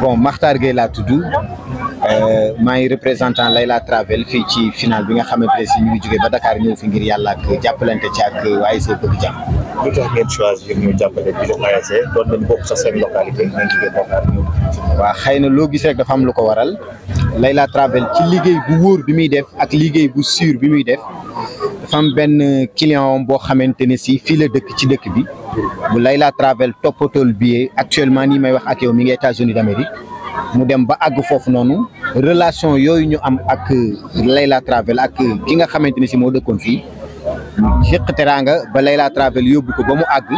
bon Makhtar Gueye laa tudd euh, maa ngi représentant Layla Travel fii ci final bi nga xamante ne si ñu ngi jógee ba Dakar ñëw fi ngir yàlla ak jàppalante ci ak ASC Bëgg Jàmm. lu tax ngeen choisir ñu jàppale bi waaw xëy na loo gis rek dafa am lu ko waral Layla Travel ci liggéey bu wóor bi muy def ak liggéey bu sûr bi muy def dafa am benn client boo xamante ne si fii la dëkk ci dëkk bi. bu Layla Travel toppatool billet actuellement nii may wax ak yow mi ngi États-Unis d'Amérique mu dem ba àgg foofu noonu relation yooyu ñu am ak Layla Travel ak ki nga xamante ni si moo dëkkoon fii jëq teraanga ba Layla Travel yóbbu ko ba mu àgg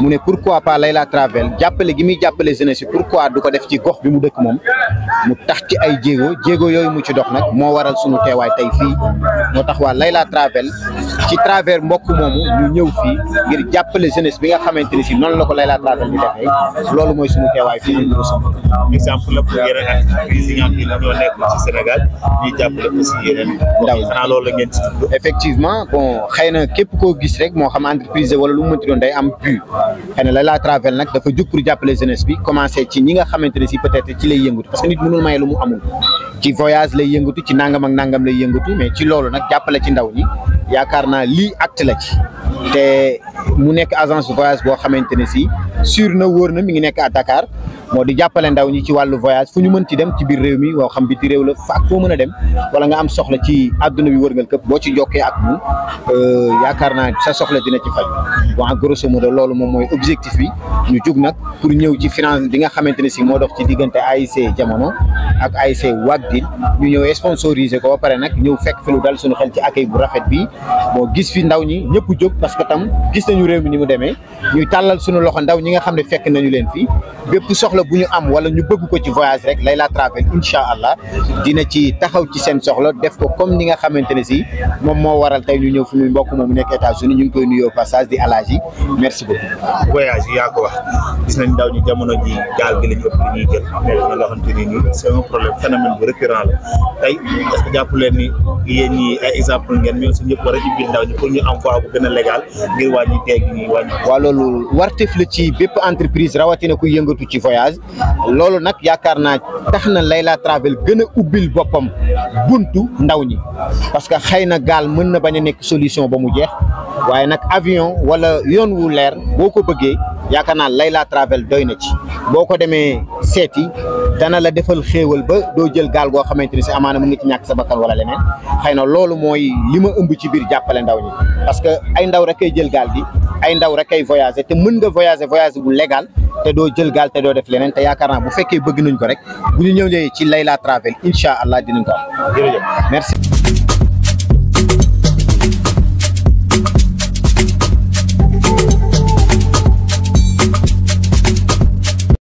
mu ne pour pourquoi pas Layla Travel jàppale gi muy jàppale jeunesse quoi du ko def ci gox bi mu dëkk moom mu tax ci ay jéego jéego yooyu mu ci dox nag moo waral sunu teewaay tey fii moo tax waa Layla Travel ci travers mbokk moomu ñu ñëw fii ngir jàppale jeunesse bi nga xamante ni si noonu la ko Layla Travel di defee loolu mooy sunu teewaay fii ñu sam la pour yeneen entreprise yi nga xam ne ñoo nekk ci loolu la ngeen ci tudd effectivement bon xëy na képp koo gis rek moo xam entreprise wala lu mu mënti doon day am but xëy na Layla Travel nag dafa jug pour jàppale jeunesse bi commencé ci ñi nga xamante ne si peut-être ci lay yëngut mënul may lu mu amul ci voyage lay yëngatu ci nangam ak nangam lay yëngatu mais ci loolu nag jàppale ci ndaw ñi yaakaar naa lii acte la ci te mu nekk agence de voyage boo xamante ne si sur na wóor na mi ngi nekk à Dakar moo di jàppale ndaw ñi ci wàllu voyage fu ñu mënti dem ci biir réew mi woo xam biti réew la fa foo mën a dem wala nga am soxla ci àdduna bi wërngal këpp boo ci jokkee ak ñun euh, yaakaar naa sa soxla dina ci faj bon grosso modo loolu moom mooy objectif bi ñu jug nag pour ñëw ci finance bi nga xamante ne si moo dox ci diggante AIC jamono ak ASC Wagdil ñu ñëw sponsorisé ko ba pare nag ñëw fekk fi lu dal suñu xel ci accueil bu rafet bi moo gis fi ndaw ñi ñëpp jóg parce que tam gis nañu réew mi ni mu demee ñuy tàllal suñu loxo ndaw ñi nga xam ne fekk nañu leen fi bépp soxla bu ñu am wala ñu bëgg ko ci voyage rek Layla Travel incha allah dina ci taxaw ci seen soxla def ko comme ni nga xamante ne si moom moo waral tey ñu ñëw fi muy mbokk moom nekk États-Unis ñu ngi koy nuyoo passage di alaaji merci beaucoup. voyage yi yaa ko wax gis nañ ndaw ñu jamono ji gaal gi la ëpp li ñuy jël problème phénomène bu récurrent la tey que jàpp leen ni yéen ñi exemple ngeen mais aussi ñëpp war a ubbi ndaw ñi pour ñu am voie bu gën a légal ngir wàññi teeg ñi wàññi. loolu warteef la ci bépp entreprise rawatina kuy yëngatu ci voyage loolu nag yaakaar naa tax na Layla Travel gën a ubbil boppam buntu ndaw ñi parce que xëy na gaal mën na bañ a nekk solution ba mu jeex waaye nag avion wala yoon wu leer boo ko bëggee yaakaar naa Layla Travel doy na ci boo ko demee seeti dana la defal xéewal ba doo jël gaal goo xamante ni si amaana mu ngi ci ñàkk sa bakkan wala leneen xëy na loolu mooy li ma ëmb ci biir jàppale ndaw ñi parce que ay ndaw rek ay jël gaal gi ay ndaw rek ay voyager te mën nga voyager voyager bu légal te doo jël gaal te doo def leneen te yaakaar naa bu fekkee bëgg nañ ko rek bu ñu ñëw ci Layla Travel incha allah dinañ ko am jërëjëf merci